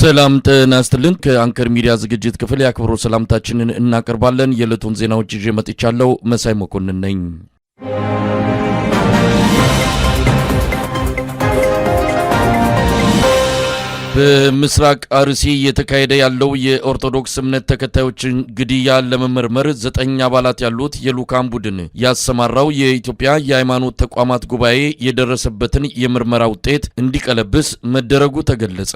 ሰላም ጤና ይስጥልን። ከአንከር ሚዲያ ዝግጅት ክፍል የአክብሮ ሰላምታችንን እናቀርባለን። የዕለቱን ዜናዎች ይዤ መጥቻለሁ። መሳይ መኮንን ነኝ። በምስራቅ አርሲ እየተካሄደ ያለው የኦርቶዶክስ እምነት ተከታዮችን ግድያ ለመመርመር ዘጠኝ አባላት ያሉት የልዑካን ቡድን ያሰማራው የኢትዮጵያ የሃይማኖት ተቋማት ጉባኤ የደረሰበትን የምርመራ ውጤት እንዲቀለብስ መደረጉ ተገለጸ።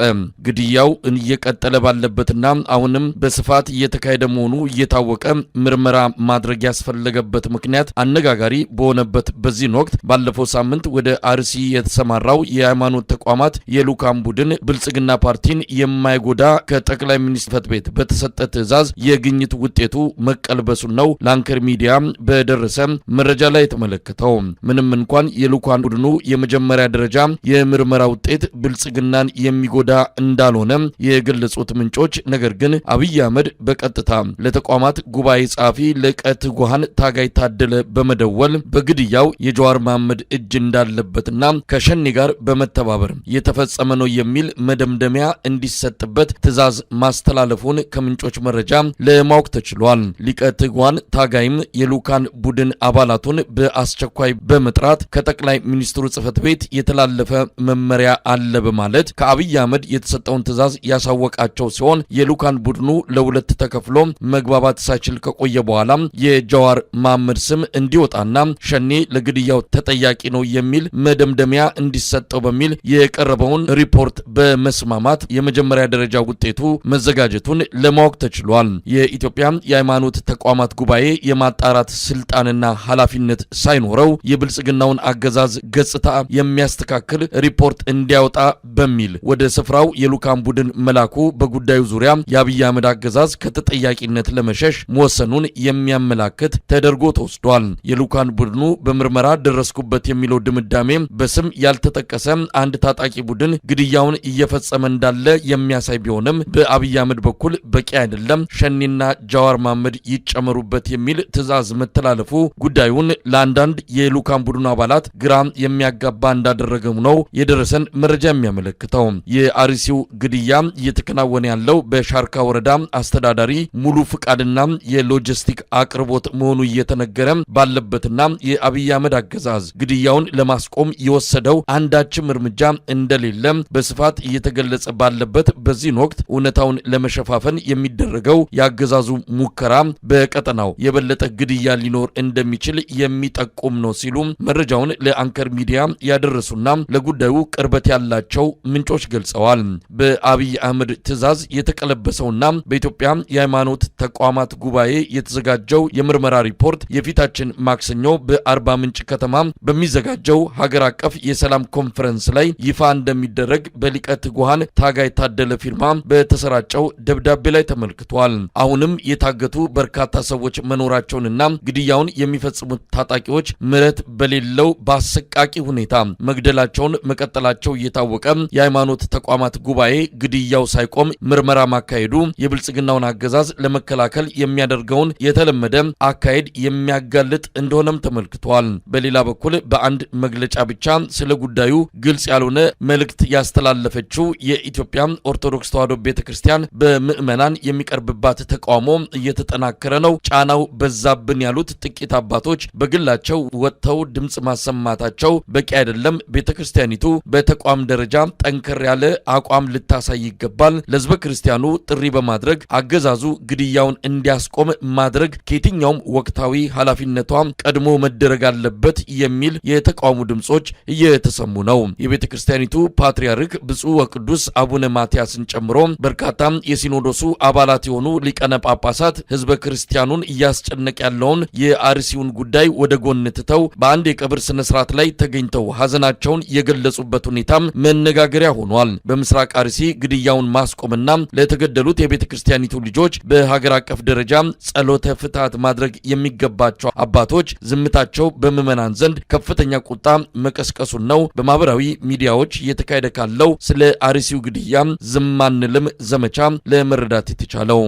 ግድያው እየቀጠለ ባለበትና አሁንም በስፋት እየተካሄደ መሆኑ እየታወቀ ምርመራ ማድረግ ያስፈለገበት ምክንያት አነጋጋሪ በሆነበት በዚህን ወቅት ባለፈው ሳምንት ወደ አርሲ የተሰማራው የሃይማኖት ተቋማት የልዑካን ቡድን ብልጽግና ብልጽግና ፓርቲን የማይጎዳ ከጠቅላይ ሚኒስትር ጽሕፈት ቤት በተሰጠ ትዕዛዝ የግኝት ውጤቱ መቀልበሱን ነው ለአንከር ሚዲያ በደረሰ መረጃ ላይ የተመለከተው። ምንም እንኳን የልኳን ቡድኑ የመጀመሪያ ደረጃ የምርመራ ውጤት ብልጽግናን የሚጎዳ እንዳልሆነ የገለጹት ምንጮች፣ ነገር ግን አብይ አህመድ በቀጥታ ለተቋማት ጉባኤ ጸሐፊ ለቀትጉሃን ታጋይ ታደለ በመደወል በግድያው የጀዋር መሐመድ እጅ እንዳለበትና ከሸኔ ጋር በመተባበር የተፈጸመ ነው የሚል መደምደ መደምደሚያ እንዲሰጥበት ትዕዛዝ ማስተላለፉን ከምንጮች መረጃ ለማወቅ ተችሏል። ሊቀ ትጓን ታጋይም የልኡካን ቡድን አባላቱን በአስቸኳይ በመጥራት ከጠቅላይ ሚኒስትሩ ጽህፈት ቤት የተላለፈ መመሪያ አለ በማለት ከአብይ አህመድ የተሰጠውን ትዕዛዝ ያሳወቃቸው ሲሆን የልኡካን ቡድኑ ለሁለት ተከፍሎ መግባባት ሳይችል ከቆየ በኋላ የጀዋር መሐመድ ስም እንዲወጣና ሸኔ ለግድያው ተጠያቂ ነው የሚል መደምደሚያ እንዲሰጠው በሚል የቀረበውን ሪፖርት በመስማ መስማማት የመጀመሪያ ደረጃ ውጤቱ መዘጋጀቱን ለማወቅ ተችሏል። የኢትዮጵያ የሃይማኖት ተቋማት ጉባኤ የማጣራት ስልጣንና ኃላፊነት ሳይኖረው የብልጽግናውን አገዛዝ ገጽታ የሚያስተካክል ሪፖርት እንዲያወጣ በሚል ወደ ስፍራው የልዑካን ቡድን መላኩ በጉዳዩ ዙሪያ የአብይ አህመድ አገዛዝ ከተጠያቂነት ለመሸሽ መወሰኑን የሚያመላክት ተደርጎ ተወስዷል። የልዑካን ቡድኑ በምርመራ ደረስኩበት የሚለው ድምዳሜ በስም ያልተጠቀሰ አንድ ታጣቂ ቡድን ግድያውን እየፈጸመ እየተፈጸመ እንዳለ የሚያሳይ ቢሆንም በአብይ አህመድ በኩል በቂ አይደለም፣ ሸኒና ጃዋር መሐመድ ይጨመሩበት የሚል ትዕዛዝ መተላለፉ ጉዳዩን ለአንዳንድ የልዑካን ቡድኑ አባላት ግራ የሚያጋባ እንዳደረገም ነው የደረሰን መረጃ የሚያመለክተው። የአርሲው ግድያ እየተከናወነ ያለው በሻርካ ወረዳ አስተዳዳሪ ሙሉ ፍቃድና የሎጂስቲክ አቅርቦት መሆኑ እየተነገረ ባለበትና የአብይ አህመድ አገዛዝ ግድያውን ለማስቆም የወሰደው አንዳችም እርምጃ እንደሌለ በስፋት እየተገ እየተገለጸ ባለበት በዚህን ወቅት እውነታውን ለመሸፋፈን የሚደረገው የአገዛዙ ሙከራ በቀጠናው የበለጠ ግድያ ሊኖር እንደሚችል የሚጠቁም ነው ሲሉ መረጃውን ለአንከር ሚዲያ ያደረሱና ለጉዳዩ ቅርበት ያላቸው ምንጮች ገልጸዋል። በአብይ አህመድ ትዕዛዝ የተቀለበሰውና በኢትዮጵያ የሃይማኖት ተቋማት ጉባኤ የተዘጋጀው የምርመራ ሪፖርት የፊታችን ማክሰኞ በአርባ ምንጭ ከተማ በሚዘጋጀው ሀገር አቀፍ የሰላም ኮንፈረንስ ላይ ይፋ እንደሚደረግ በሊቀ ትጉሃ ብርሃን ታጋይ ታደለ ፊርማ በተሰራጨው ደብዳቤ ላይ ተመልክቷል። አሁንም የታገቱ በርካታ ሰዎች መኖራቸውንና ግድያውን የሚፈጽሙት ታጣቂዎች ምሕረት በሌለው በአሰቃቂ ሁኔታ መግደላቸውን መቀጠላቸው እየታወቀ የሃይማኖት ተቋማት ጉባኤ ግድያው ሳይቆም ምርመራ ማካሄዱ የብልጽግናውን አገዛዝ ለመከላከል የሚያደርገውን የተለመደ አካሄድ የሚያጋልጥ እንደሆነም ተመልክቷል። በሌላ በኩል በአንድ መግለጫ ብቻ ስለ ጉዳዩ ግልጽ ያልሆነ መልእክት ያስተላለፈችው የኢትዮጵያን ኦርቶዶክስ ተዋሕዶ ቤተ ክርስቲያን በምዕመናን የሚቀርብባት ተቃውሞ እየተጠናከረ ነው፣ ጫናው በዛብን ያሉት ጥቂት አባቶች በግላቸው ወጥተው ድምፅ ማሰማታቸው በቂ አይደለም፣ ቤተ ክርስቲያኒቱ በተቋም ደረጃ ጠንከር ያለ አቋም ልታሳይ ይገባል፣ ለህዝበ ክርስቲያኑ ጥሪ በማድረግ አገዛዙ ግድያውን እንዲያስቆም ማድረግ ከየትኛውም ወቅታዊ ኃላፊነቷ ቀድሞ መደረግ አለበት የሚል የተቃውሞ ድምጾች እየተሰሙ ነው። የቤተ ክርስቲያኒቱ ፓትርያርክ ብፁዕ ወቅዱ ቅዱስ አቡነ ማትያስን ጨምሮ በርካታ የሲኖዶሱ አባላት የሆኑ ሊቀነ ጳጳሳት ህዝበ ክርስቲያኑን እያስጨነቅ ያለውን የአርሲውን ጉዳይ ወደ ጎን ትተው በአንድ የቀብር ስነ ስርዓት ላይ ተገኝተው ሀዘናቸውን የገለጹበት ሁኔታም መነጋገሪያ ሆኗል። በምስራቅ አርሲ ግድያውን ማስቆምና ለተገደሉት የቤተ ክርስቲያኒቱ ልጆች በሀገር አቀፍ ደረጃ ጸሎተ ፍትሐት ማድረግ የሚገባቸው አባቶች ዝምታቸው በምዕመናን ዘንድ ከፍተኛ ቁጣ መቀስቀሱን ነው በማህበራዊ ሚዲያዎች እየተካሄደ ካለው ስለ አርሲ የመሲሁ ግድያ ዝም አንልም ዘመቻ ለመረዳት የተቻለው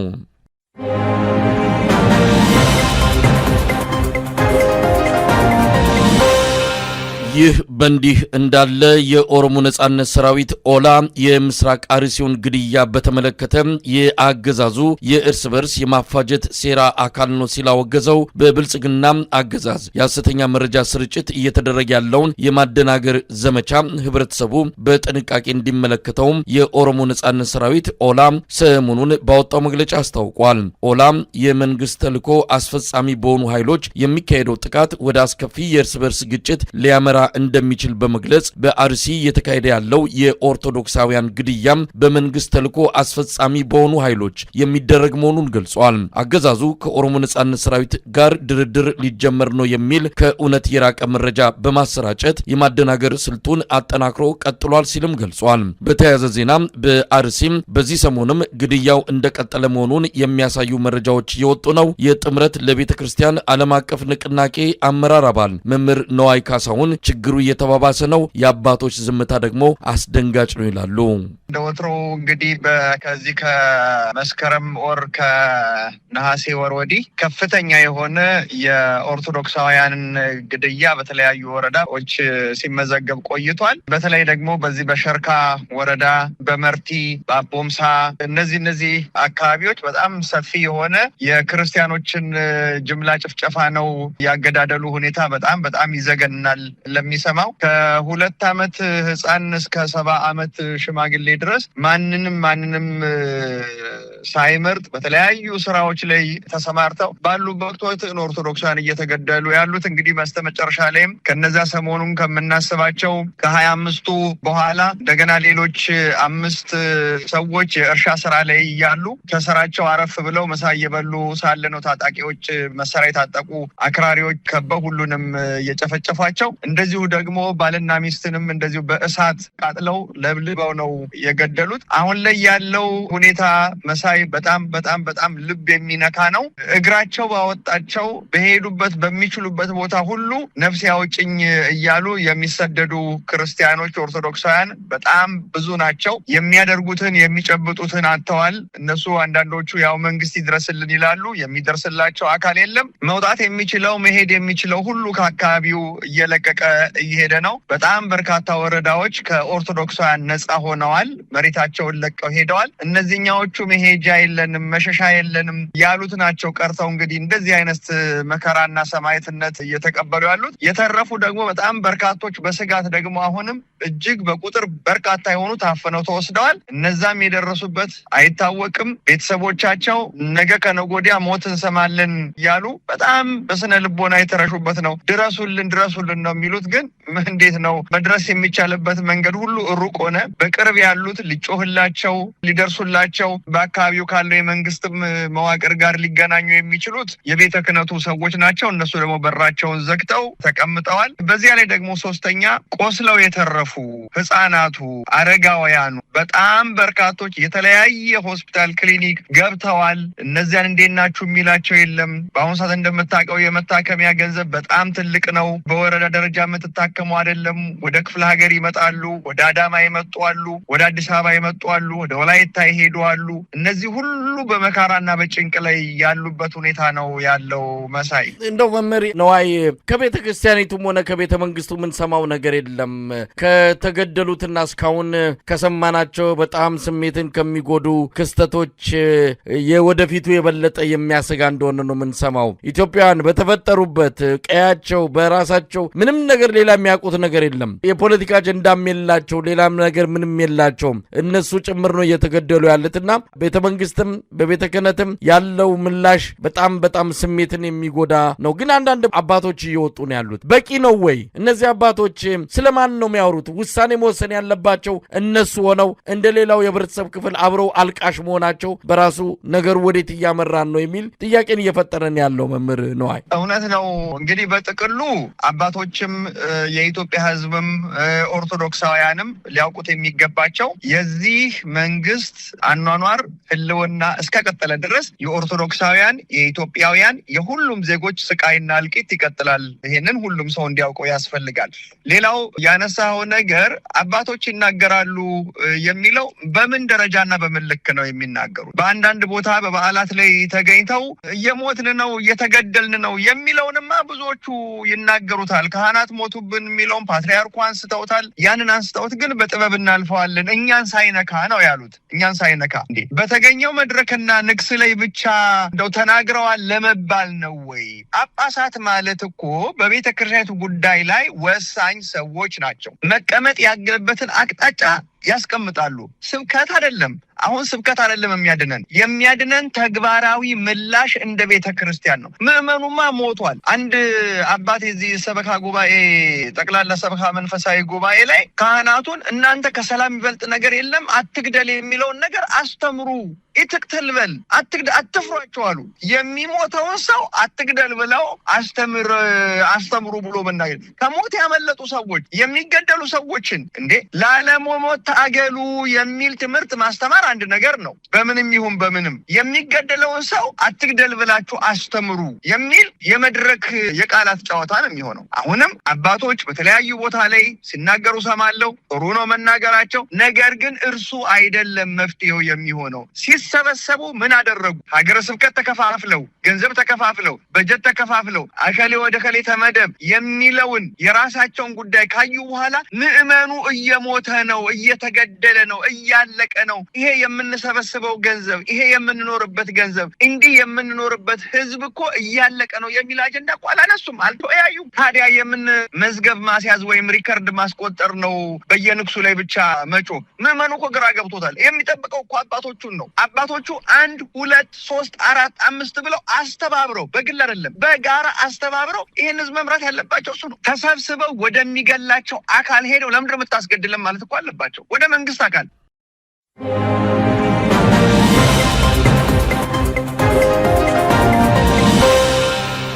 ይህ በእንዲህ እንዳለ የኦሮሞ ነጻነት ሰራዊት ኦላ የምስራቅ አርሲውን ግድያ በተመለከተ የአገዛዙ የእርስ በርስ የማፋጀት ሴራ አካል ነው ሲላወገዘው በብልጽግና አገዛዝ የሐሰተኛ መረጃ ስርጭት እየተደረገ ያለውን የማደናገር ዘመቻ ህብረተሰቡ በጥንቃቄ እንዲመለከተውም የኦሮሞ ነጻነት ሰራዊት ኦላ ሰሞኑን ባወጣው መግለጫ አስታውቋል። ኦላ የመንግስት ተልዕኮ አስፈጻሚ በሆኑ ኃይሎች የሚካሄደው ጥቃት ወደ አስከፊ የእርስ በርስ ግጭት ሊያመራ እንደሚችል በመግለጽ በአርሲ እየተካሄደ ያለው የኦርቶዶክሳውያን ግድያም በመንግስት ተልዕኮ አስፈጻሚ በሆኑ ኃይሎች የሚደረግ መሆኑን ገልጿል። አገዛዙ ከኦሮሞ ነጻነት ሰራዊት ጋር ድርድር ሊጀመር ነው የሚል ከእውነት የራቀ መረጃ በማሰራጨት የማደናገር ስልቱን አጠናክሮ ቀጥሏል ሲልም ገልጿል። በተያያዘ ዜና በአርሲም በዚህ ሰሞንም ግድያው እንደቀጠለ መሆኑን የሚያሳዩ መረጃዎች የወጡ ነው። የጥምረት ለቤተ ክርስቲያን ዓለም አቀፍ ንቅናቄ አመራር አባል መምህር ነዋይ ካሳሁን ችግሩ እየተባባሰ ነው። የአባቶች ዝምታ ደግሞ አስደንጋጭ ነው ይላሉ። እንደ እንግዲህ ከዚህ ከመስከረም ወር ከነሐሴ ወር ወዲህ ከፍተኛ የሆነ የኦርቶዶክሳውያንን ግድያ በተለያዩ ወረዳዎች ሲመዘገብ ቆይቷል። በተለይ ደግሞ በዚህ በሸርካ ወረዳ፣ በመርቲ፣ በአቦምሳ እነዚህ እነዚህ አካባቢዎች በጣም ሰፊ የሆነ የክርስቲያኖችን ጅምላ ጭፍጨፋ ነው። ያገዳደሉ ሁኔታ በጣም በጣም ይዘገናል። እንደሚሰማው ከሁለት አመት ህፃን እስከ ሰባ አመት ሽማግሌ ድረስ ማንንም ማንንም ሳይመርጥ በተለያዩ ስራዎች ላይ ተሰማርተው ባሉበት ወቅት ኦርቶዶክሳን እየተገደሉ ያሉት እንግዲህ በስተመጨረሻ ላይም ከነዛ ሰሞኑን ከምናስባቸው ከሀያ አምስቱ በኋላ እንደገና ሌሎች አምስት ሰዎች የእርሻ ስራ ላይ እያሉ ከስራቸው አረፍ ብለው ምሳ እየበሉ ሳለ ነው ታጣቂዎች መሳሪያ የታጠቁ አክራሪዎች ከበው ሁሉንም እየጨፈጨፏቸው እንደዚህ እንደዚሁ ደግሞ ባልና ሚስትንም እንደዚሁ በእሳት ቃጥለው ለብልበው ነው የገደሉት። አሁን ላይ ያለው ሁኔታ መሳይ በጣም በጣም በጣም ልብ የሚነካ ነው። እግራቸው ባወጣቸው በሄዱበት በሚችሉበት ቦታ ሁሉ ነፍስ ያውጭኝ እያሉ የሚሰደዱ ክርስቲያኖች ኦርቶዶክሳውያን በጣም ብዙ ናቸው። የሚያደርጉትን የሚጨብጡትን አጥተዋል። እነሱ አንዳንዶቹ ያው መንግስት ይድረስልን ይላሉ። የሚደርስላቸው አካል የለም። መውጣት የሚችለው መሄድ የሚችለው ሁሉ ከአካባቢው እየለቀቀ እየሄደ ነው። በጣም በርካታ ወረዳዎች ከኦርቶዶክሳውያን ነፃ ሆነዋል፣ መሬታቸውን ለቀው ሄደዋል። እነዚህኛዎቹ መሄጃ የለንም መሸሻ የለንም ያሉት ናቸው ቀርተው እንግዲህ እንደዚህ አይነት መከራና ሰማዕትነት እየተቀበሉ ያሉት። የተረፉ ደግሞ በጣም በርካቶች በስጋት ደግሞ አሁንም እጅግ በቁጥር በርካታ የሆኑ ታፍነው ተወስደዋል። እነዛም የደረሱበት አይታወቅም። ቤተሰቦቻቸው ነገ ከነጎዲያ ሞት እንሰማለን ያሉ በጣም በስነ ልቦና የተረሹበት ነው። ድረሱልን ድረሱልን ነው የሚሉት ግን እንዴት ነው መድረስ የሚቻልበት መንገድ ሁሉ ሩቅ ሆነ። በቅርብ ያሉት ሊጮህላቸው፣ ሊደርሱላቸው በአካባቢው ካለው የመንግስት መዋቅር ጋር ሊገናኙ የሚችሉት የቤተ ክህነቱ ሰዎች ናቸው። እነሱ ደግሞ በራቸውን ዘግተው ተቀምጠዋል። በዚያ ላይ ደግሞ ሶስተኛ ቆስለው የተረፉ ህጻናቱ፣ አረጋውያኑ በጣም በርካቶች የተለያየ ሆስፒታል፣ ክሊኒክ ገብተዋል። እነዚያን እንዴት ናችሁ የሚላቸው የለም። በአሁኑ ሰዓት እንደምታውቀው የመታከሚያ ገንዘብ በጣም ትልቅ ነው። በወረዳ ደረጃ የምትታከመው አይደለም። ወደ ክፍለ ሀገር ይመጣሉ። ወደ አዳማ ይመጡ አሉ። ወደ አዲስ አበባ ይመጡ አሉ። ወደ ወላይታ ይሄዱ አሉ። እነዚህ ሁሉ በመካራና በጭንቅ ላይ ያሉበት ሁኔታ ነው ያለው። መሳይ እንደው መመሪ ነዋይ ከቤተ ክርስቲያኒቱም ሆነ ከቤተ መንግስቱ የምንሰማው ነገር የለም ከተገደሉትና እስካሁን ከሰማና መሆናቸው በጣም ስሜትን ከሚጎዱ ክስተቶች የወደፊቱ የበለጠ የሚያሰጋ እንደሆነ ነው የምንሰማው። ኢትዮጵያውያን በተፈጠሩበት ቀያቸው በራሳቸው ምንም ነገር ሌላ የሚያውቁት ነገር የለም። የፖለቲካ አጀንዳም የላቸው፣ ሌላም ነገር ምንም የላቸውም። እነሱ ጭምር ነው እየተገደሉ ያለትና ቤተ መንግስትም በቤተ ክህነትም ያለው ምላሽ በጣም በጣም ስሜትን የሚጎዳ ነው። ግን አንዳንድ አባቶች እየወጡ ነው ያሉት በቂ ነው ወይ? እነዚህ አባቶች ስለማን ነው የሚያወሩት? ውሳኔ መወሰን ያለባቸው እነሱ ሆነው እንደ ሌላው የህብረተሰብ ክፍል አብረው አልቃሽ መሆናቸው በራሱ ነገር ወዴት እያመራን ነው የሚል ጥያቄን እየፈጠረን ያለው መምህር ነዋይ፣ እውነት ነው። እንግዲህ በጥቅሉ አባቶችም የኢትዮጵያ ህዝብም ኦርቶዶክሳውያንም ሊያውቁት የሚገባቸው የዚህ መንግስት አኗኗር ህልውና እስከቀጠለ ድረስ የኦርቶዶክሳውያን የኢትዮጵያውያን የሁሉም ዜጎች ስቃይና እልቂት ይቀጥላል። ይሄንን ሁሉም ሰው እንዲያውቀው ያስፈልጋል። ሌላው ያነሳው ነገር አባቶች ይናገራሉ የሚለው በምን ደረጃና በምን ልክ ነው የሚናገሩት? በአንዳንድ ቦታ በበዓላት ላይ ተገኝተው እየሞትን ነው እየተገደልን ነው የሚለውንማ ብዙዎቹ ይናገሩታል። ካህናት ሞቱብን የሚለውን ፓትርያርኩ አንስተውታል። ያንን አንስተውት ግን በጥበብ እናልፈዋለን እኛን ሳይነካ ነው ያሉት። እኛን ሳይነካ እንዴ በተገኘው መድረክና ንግስ ላይ ብቻ እንደው ተናግረዋል ለመባል ነው ወይ? ጳጳሳት ማለት እኮ በቤተ ክርስቲያኒቱ ጉዳይ ላይ ወሳኝ ሰዎች ናቸው። መቀመጥ ያገለበትን አቅጣጫ ያስቀምጣሉ። ስብከት አይደለም። አሁን ስብከት አይደለም የሚያድነን፣ የሚያድነን ተግባራዊ ምላሽ እንደ ቤተ ክርስቲያን ነው። ምዕመኑማ ሞቷል። አንድ አባት የዚህ ሰበካ ጉባኤ ጠቅላላ ሰበካ መንፈሳዊ ጉባኤ ላይ ካህናቱን እናንተ ከሰላም ይበልጥ ነገር የለም አትግደል የሚለውን ነገር አስተምሩ ኢትቅተልበል አትፍሯቸው አሉ። የሚሞተውን ሰው አትግደል ብለው አስተምር አስተምሩ ብሎ መናገር ከሞት ያመለጡ ሰዎች የሚገደሉ ሰዎችን እንዴ ላለመሞት ታገሉ የሚል ትምህርት ማስተማር አንድ ነገር ነው። በምንም ይሁን በምንም የሚገደለውን ሰው አትግደል ብላችሁ አስተምሩ የሚል የመድረክ የቃላት ጨዋታ ነው የሚሆነው። አሁንም አባቶች በተለያዩ ቦታ ላይ ሲናገሩ ሰማለው። ጥሩ ነው መናገራቸው። ነገር ግን እርሱ አይደለም መፍትሄው የሚሆነው ሲስ ሲሰበሰቡ ምን አደረጉ? ሀገረ ስብከት ተከፋፍለው፣ ገንዘብ ተከፋፍለው፣ በጀት ተከፋፍለው፣ አከሌ ወደ ከሌ ተመደብ የሚለውን የራሳቸውን ጉዳይ ካዩ በኋላ ምዕመኑ እየሞተ ነው፣ እየተገደለ ነው፣ እያለቀ ነው። ይሄ የምንሰበስበው ገንዘብ፣ ይሄ የምንኖርበት ገንዘብ፣ እንዲህ የምንኖርበት ህዝብ እኮ እያለቀ ነው የሚል አጀንዳ እኮ አላነሱም፣ አልተወያዩ። ታዲያ የምንመዝገብ ማስያዝ ወይም ሪከርድ ማስቆጠር ነው በየንግሱ ላይ ብቻ መጮ? ምዕመኑ እኮ ግራ ገብቶታል። የሚጠብቀው እኮ አባቶቹን ነው። አባቶቹ አንድ ሁለት ሶስት አራት አምስት ብለው አስተባብረው በግል አይደለም በጋራ አስተባብረው ይህን ህዝብ መምራት ያለባቸው እሱ ነው። ተሰብስበው ወደሚገላቸው አካል ሄደው ለምንድን ነው የምታስገድለን ማለት እኮ አለባቸው ወደ መንግስት አካል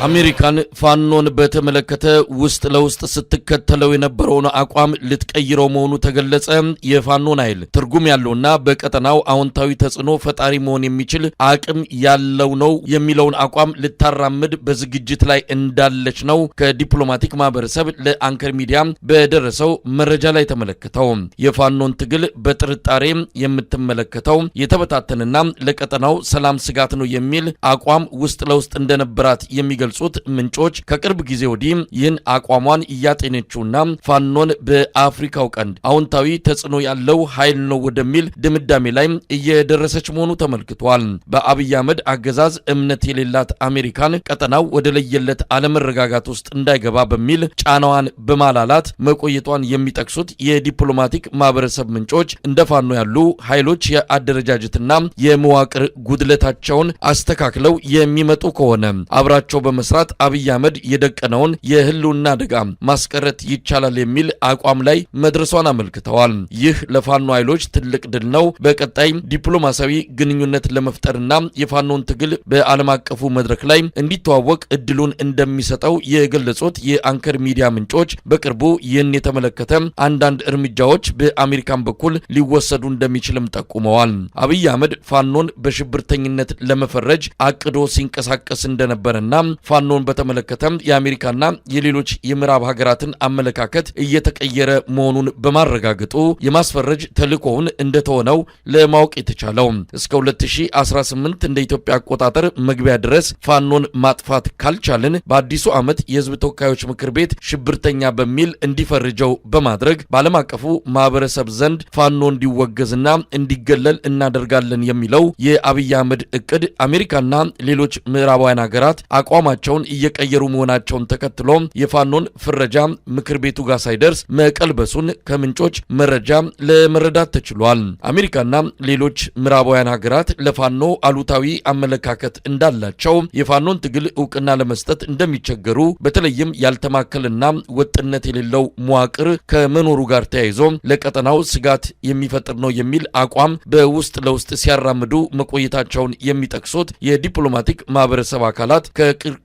አሜሪካን ፋኖን በተመለከተ ውስጥ ለውስጥ ስትከተለው የነበረውን አቋም ልትቀይረው መሆኑ ተገለጸ። የፋኖን ኃይል ትርጉም ያለውና በቀጠናው አዎንታዊ ተጽዕኖ ፈጣሪ መሆን የሚችል አቅም ያለው ነው የሚለውን አቋም ልታራምድ በዝግጅት ላይ እንዳለች ነው ከዲፕሎማቲክ ማህበረሰብ ለአንከር ሚዲያ በደረሰው መረጃ ላይ ተመለከተው። የፋኖን ትግል በጥርጣሬ የምትመለከተው የተበታተንና ለቀጠናው ሰላም ስጋት ነው የሚል አቋም ውስጥ ለውስጥ እንደነበራት የሚገልጹ የገለጹት ምንጮች ከቅርብ ጊዜ ወዲህ ይህን አቋሟን እያጤነችውና ፋኖን በአፍሪካው ቀንድ አዎንታዊ ተጽዕኖ ያለው ኃይል ነው ወደሚል ድምዳሜ ላይ እየደረሰች መሆኑ ተመልክቷል። በአብይ አህመድ አገዛዝ እምነት የሌላት አሜሪካን ቀጠናው ወደ ለየለት አለመረጋጋት ውስጥ እንዳይገባ በሚል ጫናዋን በማላላት መቆየቷን የሚጠቅሱት የዲፕሎማቲክ ማህበረሰብ ምንጮች እንደ ፋኖ ያሉ ኃይሎች የአደረጃጀትና የመዋቅር ጉድለታቸውን አስተካክለው የሚመጡ ከሆነ አብራቸው በመ በመስራት አብይ አህመድ የደቀነውን የህልውና አደጋ ማስቀረት ይቻላል የሚል አቋም ላይ መድረሷን አመልክተዋል። ይህ ለፋኖ ኃይሎች ትልቅ ድል ነው። በቀጣይ ዲፕሎማሲያዊ ግንኙነት ለመፍጠርና የፋኖን ትግል በዓለም አቀፉ መድረክ ላይ እንዲተዋወቅ እድሉን እንደሚሰጠው የገለጹት የአንከር ሚዲያ ምንጮች በቅርቡ ይህን የተመለከተ አንዳንድ እርምጃዎች በአሜሪካን በኩል ሊወሰዱ እንደሚችልም ጠቁመዋል። አብይ አህመድ ፋኖን በሽብርተኝነት ለመፈረጅ አቅዶ ሲንቀሳቀስ እንደነበረና ፋኖን በተመለከተም የአሜሪካና የሌሎች የምዕራብ ሀገራትን አመለካከት እየተቀየረ መሆኑን በማረጋገጡ የማስፈረጅ ተልእኮውን እንደተሆነው ለማወቅ የተቻለው እስከ 2018 እንደ ኢትዮጵያ አቆጣጠር መግቢያ ድረስ ፋኖን ማጥፋት ካልቻልን በአዲሱ ዓመት የህዝብ ተወካዮች ምክር ቤት ሽብርተኛ በሚል እንዲፈርጀው በማድረግ በዓለም አቀፉ ማህበረሰብ ዘንድ ፋኖ እንዲወገዝና እንዲገለል እናደርጋለን የሚለው የአብይ አህመድ እቅድ አሜሪካና ሌሎች ምዕራባውያን ሀገራት አቋማ አቋማቸውን እየቀየሩ መሆናቸውን ተከትሎ የፋኖን ፍረጃ ምክር ቤቱ ጋር ሳይደርስ መቀልበሱን ከምንጮች መረጃ ለመረዳት ተችሏል። አሜሪካና ሌሎች ምዕራባውያን ሀገራት ለፋኖ አሉታዊ አመለካከት እንዳላቸው የፋኖን ትግል እውቅና ለመስጠት እንደሚቸገሩ በተለይም ያልተማከልና ወጥነት የሌለው መዋቅር ከመኖሩ ጋር ተያይዞ ለቀጠናው ስጋት የሚፈጥር ነው የሚል አቋም በውስጥ ለውስጥ ሲያራምዱ መቆየታቸውን የሚጠቅሱት የዲፕሎማቲክ ማህበረሰብ አካላት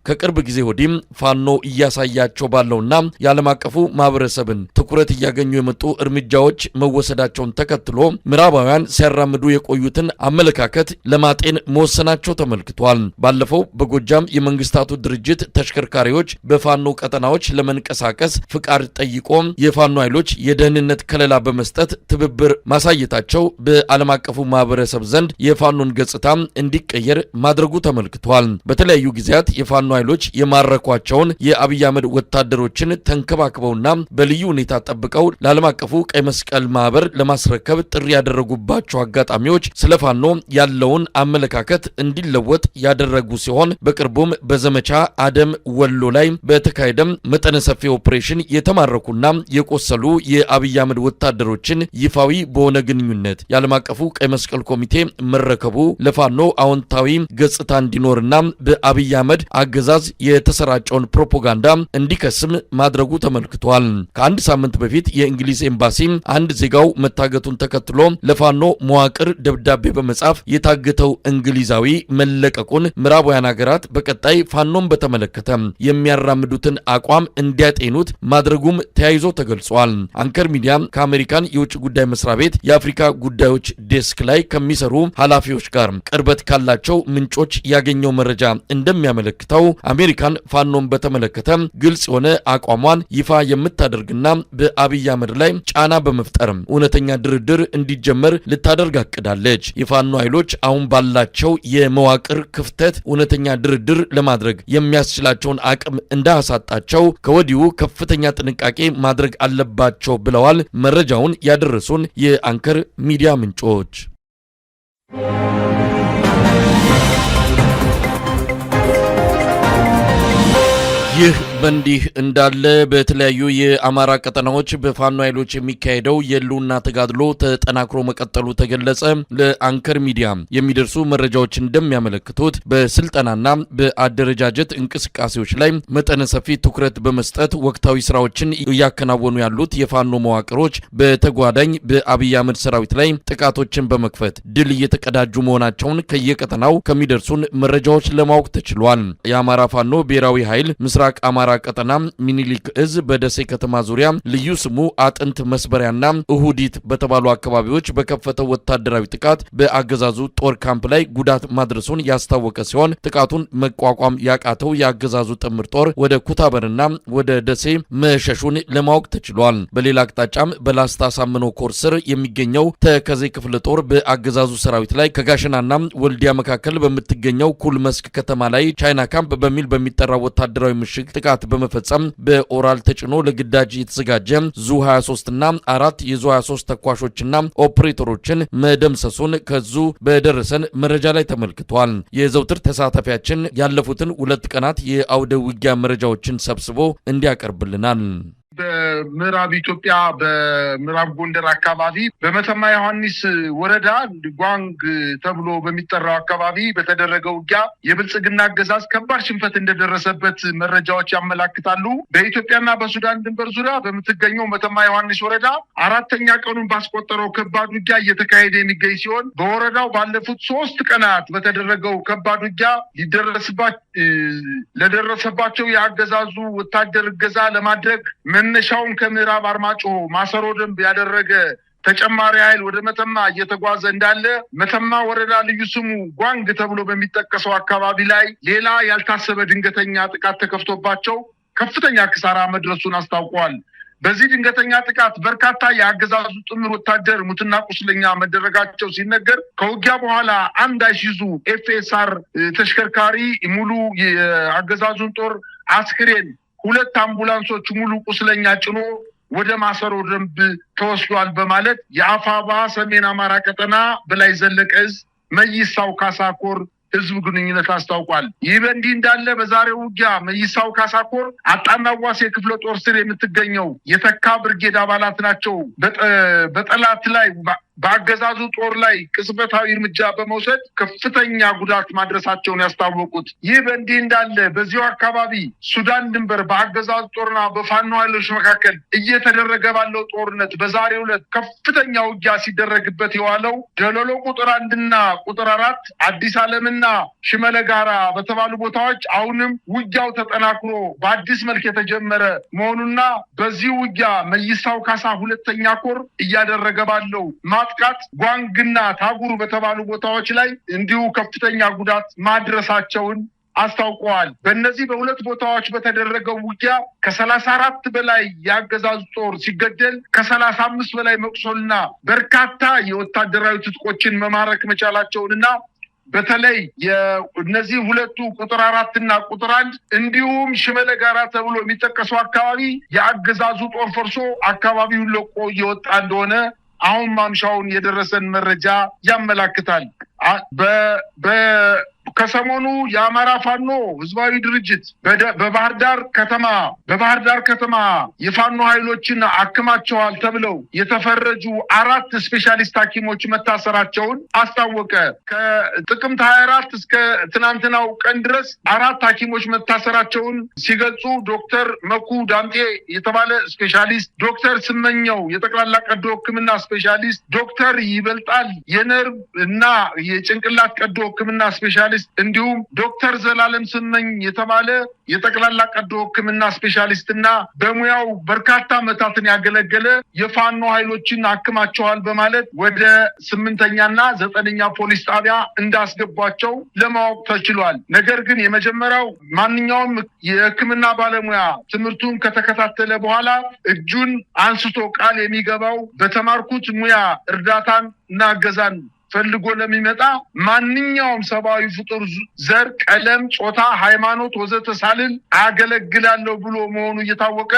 ከቅርብ ጊዜ ወዲህም ፋኖ እያሳያቸው ባለውና የዓለም አቀፉ ማህበረሰብን ትኩረት እያገኙ የመጡ እርምጃዎች መወሰዳቸውን ተከትሎ ምዕራባውያን ሲያራምዱ የቆዩትን አመለካከት ለማጤን መወሰናቸው ተመልክቷል። ባለፈው በጎጃም የመንግስታቱ ድርጅት ተሽከርካሪዎች በፋኖ ቀጠናዎች ለመንቀሳቀስ ፍቃድ ጠይቆ የፋኖ ኃይሎች የደህንነት ከለላ በመስጠት ትብብር ማሳየታቸው በዓለም አቀፉ ማህበረሰብ ዘንድ የፋኖን ገጽታ እንዲቀየር ማድረጉ ተመልክቷል። በተለያዩ ጊዜያት የፋኖ ኃይሎች የማረኳቸውን የአብይ አህመድ ወታደሮችን ተንከባክበውና በልዩ ሁኔታ ጠብቀው ለዓለም አቀፉ ቀይ መስቀል ማህበር ለማስረከብ ጥሪ ያደረጉባቸው አጋጣሚዎች ስለ ፋኖ ያለውን አመለካከት እንዲለወጥ ያደረጉ ሲሆን በቅርቡም በዘመቻ አደም ወሎ ላይ በተካሄደም መጠነ ሰፊ ኦፕሬሽን የተማረኩና የቆሰሉ የአብይ አህመድ ወታደሮችን ይፋዊ በሆነ ግንኙነት የዓለም አቀፉ ቀይ መስቀል ኮሚቴ መረከቡ ለፋኖ አዎንታዊ ገጽታ እንዲኖርና በአብይ አህመድ አገ አገዛዝ የተሰራጨውን ፕሮፓጋንዳ እንዲከስም ማድረጉ ተመልክቷል። ከአንድ ሳምንት በፊት የእንግሊዝ ኤምባሲ አንድ ዜጋው መታገቱን ተከትሎ ለፋኖ መዋቅር ደብዳቤ በመጻፍ የታገተው እንግሊዛዊ መለቀቁን ምዕራባውያን ሀገራት በቀጣይ ፋኖን በተመለከተ የሚያራምዱትን አቋም እንዲያጤኑት ማድረጉም ተያይዞ ተገልጿል። አንከር ሚዲያ ከአሜሪካን የውጭ ጉዳይ መስሪያ ቤት የአፍሪካ ጉዳዮች ዴስክ ላይ ከሚሰሩ ኃላፊዎች ጋር ቅርበት ካላቸው ምንጮች ያገኘው መረጃ እንደሚያመለክተው አሜሪካን ፋኖን በተመለከተ ግልጽ የሆነ አቋሟን ይፋ የምታደርግና በአብይ አህመድ ላይ ጫና በመፍጠርም እውነተኛ ድርድር እንዲጀመር ልታደርግ አቅዳለች። የፋኖ ኃይሎች አሁን ባላቸው የመዋቅር ክፍተት እውነተኛ ድርድር ለማድረግ የሚያስችላቸውን አቅም እንዳያሳጣቸው ከወዲሁ ከፍተኛ ጥንቃቄ ማድረግ አለባቸው ብለዋል መረጃውን ያደረሱን የአንከር ሚዲያ ምንጮች። 耶。በእንዲህ እንዳለ በተለያዩ የአማራ ቀጠናዎች በፋኖ ኃይሎች የሚካሄደው የህልውና ተጋድሎ ተጠናክሮ መቀጠሉ ተገለጸ። ለአንከር ሚዲያ የሚደርሱ መረጃዎች እንደሚያመለክቱት በስልጠናና በአደረጃጀት እንቅስቃሴዎች ላይ መጠነ ሰፊ ትኩረት በመስጠት ወቅታዊ ስራዎችን እያከናወኑ ያሉት የፋኖ መዋቅሮች በተጓዳኝ በአብይ አህመድ ሰራዊት ላይ ጥቃቶችን በመክፈት ድል እየተቀዳጁ መሆናቸውን ከየቀጠናው ከሚደርሱን መረጃዎች ለማወቅ ተችሏል። የአማራ ፋኖ ብሔራዊ ኃይል ምስራቅ አማራ ቀጠና ሚኒሊክ እዝ በደሴ ከተማ ዙሪያ ልዩ ስሙ አጥንት መስበሪያና እሁዲት በተባሉ አካባቢዎች በከፈተው ወታደራዊ ጥቃት በአገዛዙ ጦር ካምፕ ላይ ጉዳት ማድረሱን ያስታወቀ ሲሆን ጥቃቱን መቋቋም ያቃተው የአገዛዙ ጥምር ጦር ወደ ኩታበርና ወደ ደሴ መሸሹን ለማወቅ ተችሏል። በሌላ አቅጣጫም በላስታ ሳምኖ ኮር ስር የሚገኘው ተከዜ ክፍለ ጦር በአገዛዙ ሰራዊት ላይ ከጋሸናና ወልዲያ መካከል በምትገኘው ኩል መስክ ከተማ ላይ ቻይና ካምፕ በሚል በሚጠራው ወታደራዊ ምሽግ ጥቃት ጥቃት በመፈጸም በኦራል ተጭኖ ለግዳጅ የተዘጋጀ ዙ 23ና አራት የዙ 23 ተኳሾችና ኦፕሬተሮችን መደምሰሱን ከዙ በደረሰን መረጃ ላይ ተመልክቷል። የዘውትር ተሳታፊያችን ያለፉትን ሁለት ቀናት የአውደ ውጊያ መረጃዎችን ሰብስቦ እንዲያቀርብልናል። በምዕራብ ኢትዮጵያ በምዕራብ ጎንደር አካባቢ በመተማ ዮሐንስ ወረዳ ጓንግ ተብሎ በሚጠራው አካባቢ በተደረገው ውጊያ የብልጽግና አገዛዝ ከባድ ሽንፈት እንደደረሰበት መረጃዎች ያመላክታሉ። በኢትዮጵያና በሱዳን ድንበር ዙሪያ በምትገኘው መተማ ዮሐንስ ወረዳ አራተኛ ቀኑን ባስቆጠረው ከባድ ውጊያ እየተካሄደ የሚገኝ ሲሆን በወረዳው ባለፉት ሶስት ቀናት በተደረገው ከባድ ውጊያ ሊደረስባ ለደረሰባቸው የአገዛዙ ወታደር እገዛ ለማድረግ መነሻውን ከምዕራብ አርማጮ ማሰሮ ደንብ ያደረገ ተጨማሪ ኃይል ወደ መተማ እየተጓዘ እንዳለ መተማ ወረዳ ልዩ ስሙ ጓንግ ተብሎ በሚጠቀሰው አካባቢ ላይ ሌላ ያልታሰበ ድንገተኛ ጥቃት ተከፍቶባቸው ከፍተኛ ክሳራ መድረሱን አስታውቋል። በዚህ ድንገተኛ ጥቃት በርካታ የአገዛዙ ጥምር ወታደር ሙትና ቁስለኛ መደረጋቸው ሲነገር ከውጊያ በኋላ አንድ አይሱዙ ኤፍኤስአር ተሽከርካሪ ሙሉ የአገዛዙን ጦር አስክሬን ሁለት አምቡላንሶች ሙሉ ቁስለኛ ጭኖ ወደ ማሰሮ ደንብ ተወስዷል በማለት የአፋባ ሰሜን አማራ ቀጠና በላይ ዘለቀ እዝ መይሳው ካሳኮር ህዝብ ግንኙነት አስታውቋል። ይህ በእንዲህ እንዳለ በዛሬው ውጊያ መይሳው ካሳኮር አጣናዋሴ ክፍለ ጦር ስር የምትገኘው የተካ ብርጌድ አባላት ናቸው በጠላት ላይ በአገዛዙ ጦር ላይ ቅጽበታዊ እርምጃ በመውሰድ ከፍተኛ ጉዳት ማድረሳቸውን ያስታወቁት። ይህ በእንዲህ እንዳለ በዚሁ አካባቢ ሱዳን ድንበር በአገዛዙ ጦርና በፋኖ ኃይሎች መካከል እየተደረገ ባለው ጦርነት በዛሬው ዕለት ከፍተኛ ውጊያ ሲደረግበት የዋለው ደለሎ ቁጥር አንድና ቁጥር አራት አዲስ ዓለምና ሽመለ ጋራ በተባሉ ቦታዎች አሁንም ውጊያው ተጠናክሮ በአዲስ መልክ የተጀመረ መሆኑና በዚህ ውጊያ መይሳው ካሳ ሁለተኛ ኮር እያደረገ ባለው በማጥቃት ጓንግና ታጉር በተባሉ ቦታዎች ላይ እንዲሁ ከፍተኛ ጉዳት ማድረሳቸውን አስታውቀዋል። በእነዚህ በሁለት ቦታዎች በተደረገው ውጊያ ከሰላሳ አራት በላይ የአገዛዙ ጦር ሲገደል ከሰላሳ አምስት በላይ መቁሰልና በርካታ የወታደራዊ ትጥቆችን መማረክ መቻላቸውንና በተለይ እነዚህ ሁለቱ ቁጥር አራት እና ቁጥር አንድ እንዲሁም ሽመለ ጋራ ተብሎ የሚጠቀሰው አካባቢ የአገዛዙ ጦር ፈርሶ አካባቢውን ለቆ እየወጣ እንደሆነ አሁን ማምሻውን የደረሰን መረጃ ያመላክታል። ከሰሞኑ የአማራ ፋኖ ህዝባዊ ድርጅት በባህር ዳር ከተማ በባህር ዳር ከተማ የፋኖ ኃይሎችን አክማቸዋል ተብለው የተፈረጁ አራት ስፔሻሊስት ሐኪሞች መታሰራቸውን አስታወቀ። ከጥቅምት ሀያ አራት እስከ ትናንትናው ቀን ድረስ አራት ሐኪሞች መታሰራቸውን ሲገልጹ ዶክተር መኩ ዳምጤ የተባለ ስፔሻሊስት፣ ዶክተር ስመኘው የጠቅላላ ቀዶ ሕክምና ስፔሻሊስት፣ ዶክተር ይበልጣል የነርቭ እና የጭንቅላት ቀዶ ሕክምና ስፔሻሊስት ስፔሻሊስት እንዲሁም ዶክተር ዘላለም ስመኝ የተባለ የጠቅላላ ቀዶ ህክምና ስፔሻሊስትና በሙያው በርካታ አመታትን ያገለገለ የፋኖ ኃይሎችን አክማቸዋል በማለት ወደ ስምንተኛና ዘጠነኛ ፖሊስ ጣቢያ እንዳስገቧቸው ለማወቅ ተችሏል። ነገር ግን የመጀመሪያው ማንኛውም የህክምና ባለሙያ ትምህርቱን ከተከታተለ በኋላ እጁን አንስቶ ቃል የሚገባው በተማርኩት ሙያ እርዳታን እና ፈልጎ ለሚመጣ ማንኛውም ሰብአዊ ፍጡር ዘር፣ ቀለም፣ ጾታ፣ ሃይማኖት ወዘተ ሳልል አገለግላለሁ ብሎ መሆኑ እየታወቀ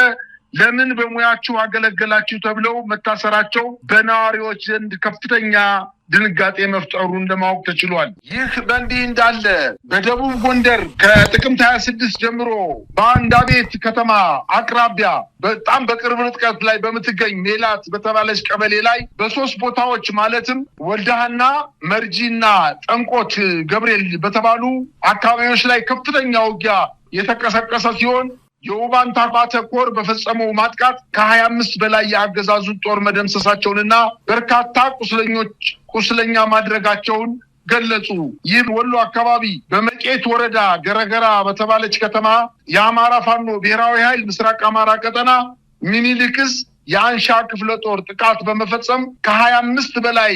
ለምን በሙያችሁ አገለገላችሁ ተብለው መታሰራቸው በነዋሪዎች ዘንድ ከፍተኛ ድንጋጤ መፍጠሩ እንደማወቅ ተችሏል። ይህ በእንዲህ እንዳለ በደቡብ ጎንደር ከጥቅምት 26 ጀምሮ በአንዳ ቤት ከተማ አቅራቢያ በጣም በቅርብ ርጥቀት ላይ በምትገኝ ሜላት በተባለች ቀበሌ ላይ በሶስት ቦታዎች ማለትም ወልዳህና፣ መርጂና ጠንቆት ገብርኤል በተባሉ አካባቢዎች ላይ ከፍተኛ ውጊያ የተቀሰቀሰ ሲሆን የኡጋንታ አባተ ኮር በፈጸመው ማጥቃት ከሀያ አምስት በላይ የአገዛዙ ጦር መደምሰሳቸውንና በርካታ ቁስለኞች ቁስለኛ ማድረጋቸውን ገለጹ። ይህም ወሎ አካባቢ በመቄት ወረዳ ገረገራ በተባለች ከተማ የአማራ ፋኖ ብሔራዊ ኃይል ምስራቅ አማራ ቀጠና ሚኒሊክስ የአንሻ ክፍለ ጦር ጥቃት በመፈጸም ከሀያ አምስት በላይ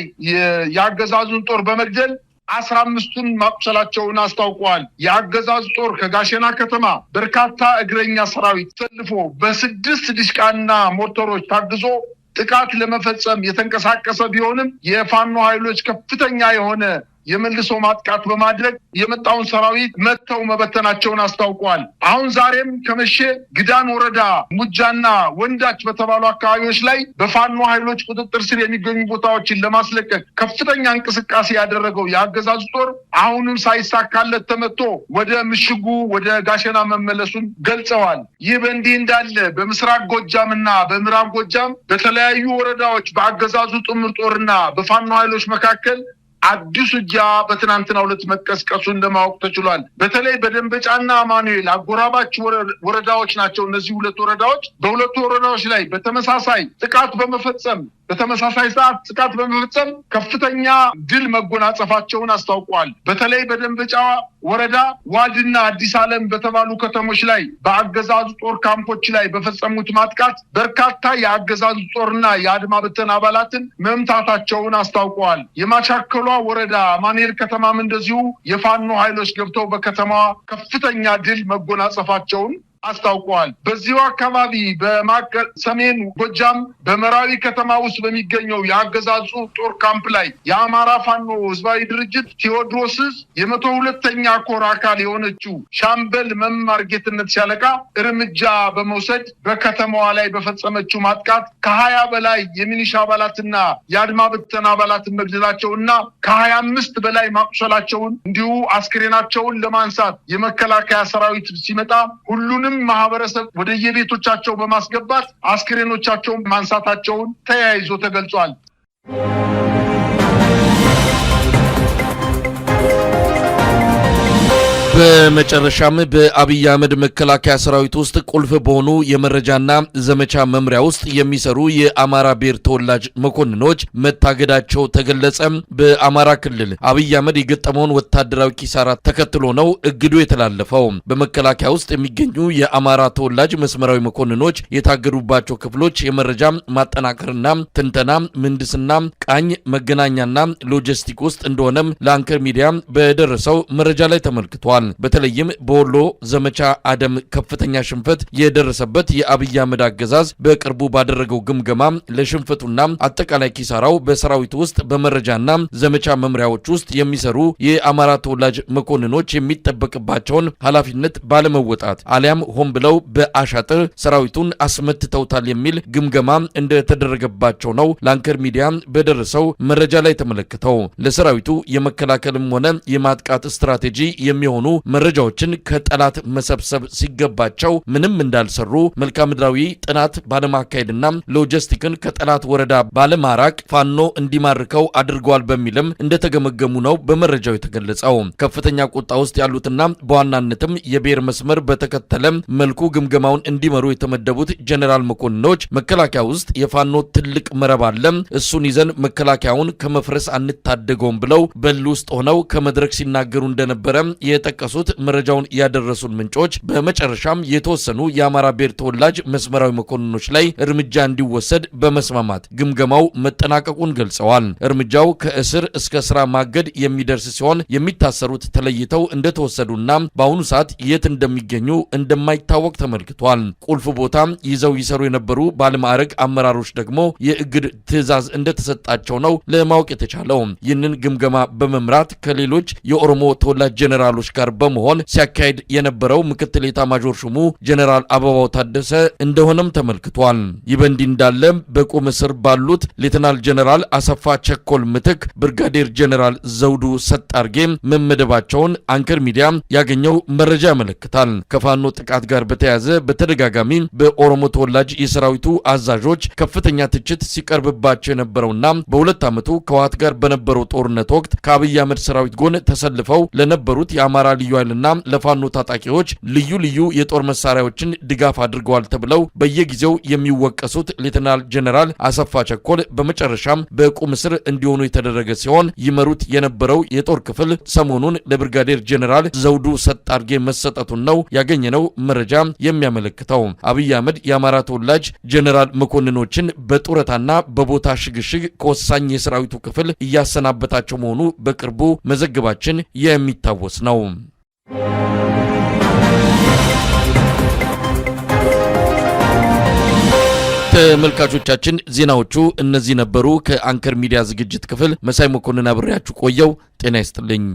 የአገዛዙን ጦር በመግደል አስራ አምስቱን ማቁሰላቸውን አስታውቀዋል። የአገዛዝ ጦር ከጋሸና ከተማ በርካታ እግረኛ ሰራዊት ተሰልፎ በስድስት ዲሽቃና ሞተሮች ታግዞ ጥቃት ለመፈጸም የተንቀሳቀሰ ቢሆንም የፋኖ ኃይሎች ከፍተኛ የሆነ የመልሶ ማጥቃት በማድረግ የመጣውን ሰራዊት መጥተው መበተናቸውን አስታውቀዋል። አሁን ዛሬም ከመሼ ግዳን ወረዳ ሙጃና ወንዳች በተባሉ አካባቢዎች ላይ በፋኖ ኃይሎች ቁጥጥር ስር የሚገኙ ቦታዎችን ለማስለቀቅ ከፍተኛ እንቅስቃሴ ያደረገው የአገዛዙ ጦር አሁንም ሳይሳካለት ተመቶ ወደ ምሽጉ ወደ ጋሸና መመለሱን ገልጸዋል። ይህ በእንዲህ እንዳለ በምስራቅ ጎጃም እና በምዕራብ ጎጃም በተለያዩ ወረዳዎች በአገዛዙ ጥምር ጦርና በፋኖ ኃይሎች መካከል አዲሱ እጃ በትናንትና ሁለት መቀስቀሱ እንደማወቅ ተችሏል። በተለይ በደንበጫና አማኑኤል አጎራባች ወረዳዎች ናቸው። እነዚህ ሁለት ወረዳዎች በሁለቱ ወረዳዎች ላይ በተመሳሳይ ጥቃት በመፈጸም በተመሳሳይ ሰዓት ጥቃት በመፈጸም ከፍተኛ ድል መጎናጸፋቸውን አስታውቀዋል። በተለይ በደንበጫ ወረዳ ዋድና አዲስ ዓለም በተባሉ ከተሞች ላይ በአገዛዙ ጦር ካምፖች ላይ በፈጸሙት ማጥቃት በርካታ የአገዛዙ ጦርና የአድማ ብተን አባላትን መምታታቸውን አስታውቀዋል። የማቻከሉ ላሊበላ ወረዳ ማኔር ከተማም እንደዚሁ የፋኖ ኃይሎች ገብተው በከተማዋ ከፍተኛ ድል መጎናጸፋቸውን አስታውቀዋል። በዚሁ አካባቢ በማዕከል ሰሜን ጎጃም በመራዊ ከተማ ውስጥ በሚገኘው የአገዛዙ ጦር ካምፕ ላይ የአማራ ፋኖ ህዝባዊ ድርጅት ቴዎድሮስስ የመቶ ሁለተኛ ኮር አካል የሆነችው ሻምበል መማር ጌትነት ሲያለቃ፣ እርምጃ በመውሰድ በከተማዋ ላይ በፈጸመችው ማጥቃት ከሀያ በላይ የሚኒሻ አባላትና የአድማ ብተና አባላትን መግደላቸው እና ከሀያ አምስት በላይ ማቁሰላቸውን እንዲሁ አስክሬናቸውን ለማንሳት የመከላከያ ሰራዊት ሲመጣ ሁሉንም ሁሉንም ማህበረሰብ ወደ የቤቶቻቸው በማስገባት አስክሬኖቻቸውን ማንሳታቸውን ተያይዞ ተገልጿል። በመጨረሻም በአብይ አህመድ መከላከያ ሰራዊት ውስጥ ቁልፍ በሆኑ የመረጃና ዘመቻ መምሪያ ውስጥ የሚሰሩ የአማራ ብሔር ተወላጅ መኮንኖች መታገዳቸው ተገለጸ። በአማራ ክልል አብይ አህመድ የገጠመውን ወታደራዊ ኪሳራ ተከትሎ ነው እግዱ የተላለፈው። በመከላከያ ውስጥ የሚገኙ የአማራ ተወላጅ መስመራዊ መኮንኖች የታገዱባቸው ክፍሎች የመረጃ ማጠናከርና ትንተና፣ ምህንድስና፣ ቃኝ፣ መገናኛና ሎጂስቲክ ውስጥ እንደሆነም ለአንከር ሚዲያ በደረሰው መረጃ ላይ ተመልክቷል። በተለይም በወሎ ዘመቻ አደም ከፍተኛ ሽንፈት የደረሰበት የአብይ አህመድ አገዛዝ በቅርቡ ባደረገው ግምገማ ለሽንፈቱና አጠቃላይ ኪሳራው በሰራዊት ውስጥ በመረጃና ዘመቻ መምሪያዎች ውስጥ የሚሰሩ የአማራ ተወላጅ መኮንኖች የሚጠበቅባቸውን ኃላፊነት ባለመወጣት አሊያም ሆን ብለው በአሻጥር ሰራዊቱን አስመትተውታል የሚል ግምገማ እንደተደረገባቸው ነው ለአንከር ሚዲያ በደረሰው መረጃ ላይ ተመለክተው ለሰራዊቱ የመከላከልም ሆነ የማጥቃት ስትራቴጂ የሚሆኑ መረጃዎችን ከጠላት መሰብሰብ ሲገባቸው ምንም እንዳልሰሩ መልክዓ ምድራዊ ጥናት ባለማካሄድና ሎጂስቲክን ከጠላት ወረዳ ባለማራቅ ፋኖ እንዲማርከው አድርገዋል በሚልም እንደተገመገሙ ነው በመረጃው የተገለጸው። ከፍተኛ ቁጣ ውስጥ ያሉትና በዋናነትም የብሔር መስመር በተከተለ መልኩ ግምገማውን እንዲመሩ የተመደቡት ጀኔራል መኮንኖች መከላከያ ውስጥ የፋኖ ትልቅ መረብ አለ፣ እሱን ይዘን መከላከያውን ከመፍረስ አንታደገውም ብለው በል ውስጥ ሆነው ከመድረክ ሲናገሩ እንደነበረ የጠቀሱ የጠቀሱት መረጃውን ያደረሱን ምንጮች በመጨረሻም የተወሰኑ የአማራ ብሔር ተወላጅ መስመራዊ መኮንኖች ላይ እርምጃ እንዲወሰድ በመስማማት ግምገማው መጠናቀቁን ገልጸዋል። እርምጃው ከእስር እስከ ስራ ማገድ የሚደርስ ሲሆን የሚታሰሩት ተለይተው እንደተወሰዱና በአሁኑ ሰዓት የት እንደሚገኙ እንደማይታወቅ ተመልክቷል። ቁልፍ ቦታ ይዘው ይሰሩ የነበሩ ባለማዕረግ አመራሮች ደግሞ የእግድ ትዕዛዝ እንደተሰጣቸው ነው ለማወቅ የተቻለው። ይህንን ግምገማ በመምራት ከሌሎች የኦሮሞ ተወላጅ ጄኔራሎች ጋር በመሆን ሲያካሄድ የነበረው ምክትል ኤታማዦር ሹሙ ጀኔራል አበባው ታደሰ እንደሆነም ተመልክቷል። ይህ በእንዲህ እንዳለ በቁም እስር ባሉት ሌተናል ጀኔራል አሰፋ ቸኮል ምትክ ብርጋዴር ጀኔራል ዘውዱ ሰጣርጌ መመደባቸውን አንከር ሚዲያ ያገኘው መረጃ ያመለክታል። ከፋኖ ጥቃት ጋር በተያያዘ በተደጋጋሚ በኦሮሞ ተወላጅ የሰራዊቱ አዛዦች ከፍተኛ ትችት ሲቀርብባቸው የነበረውና በሁለት ዓመቱ ከዋት ጋር በነበረው ጦርነት ወቅት ከአብይ አህመድ ሰራዊት ጎን ተሰልፈው ለነበሩት የአማራ ልዩ ኃይልና ለፋኖ ታጣቂዎች ልዩ ልዩ የጦር መሳሪያዎችን ድጋፍ አድርገዋል ተብለው በየጊዜው የሚወቀሱት ሌተናል ጀነራል አሰፋ ቸኮል በመጨረሻም በቁም እስር እንዲሆኑ የተደረገ ሲሆን ይመሩት የነበረው የጦር ክፍል ሰሞኑን ለብርጋዴር ጀነራል ዘውዱ ሰጣርጌ መሰጠቱን ነው ያገኘነው መረጃ የሚያመለክተው። አብይ አህመድ የአማራ ተወላጅ ጀነራል መኮንኖችን በጡረታና በቦታ ሽግሽግ ከወሳኝ የሰራዊቱ ክፍል እያሰናበታቸው መሆኑ በቅርቡ መዘገባችን የሚታወስ ነው። ተመልካቾቻችን ዜናዎቹ እነዚህ ነበሩ። ከአንከር ሚዲያ ዝግጅት ክፍል መሳይ መኮንን አብሬያችሁ ቆየው። ጤና ይስጥልኝ።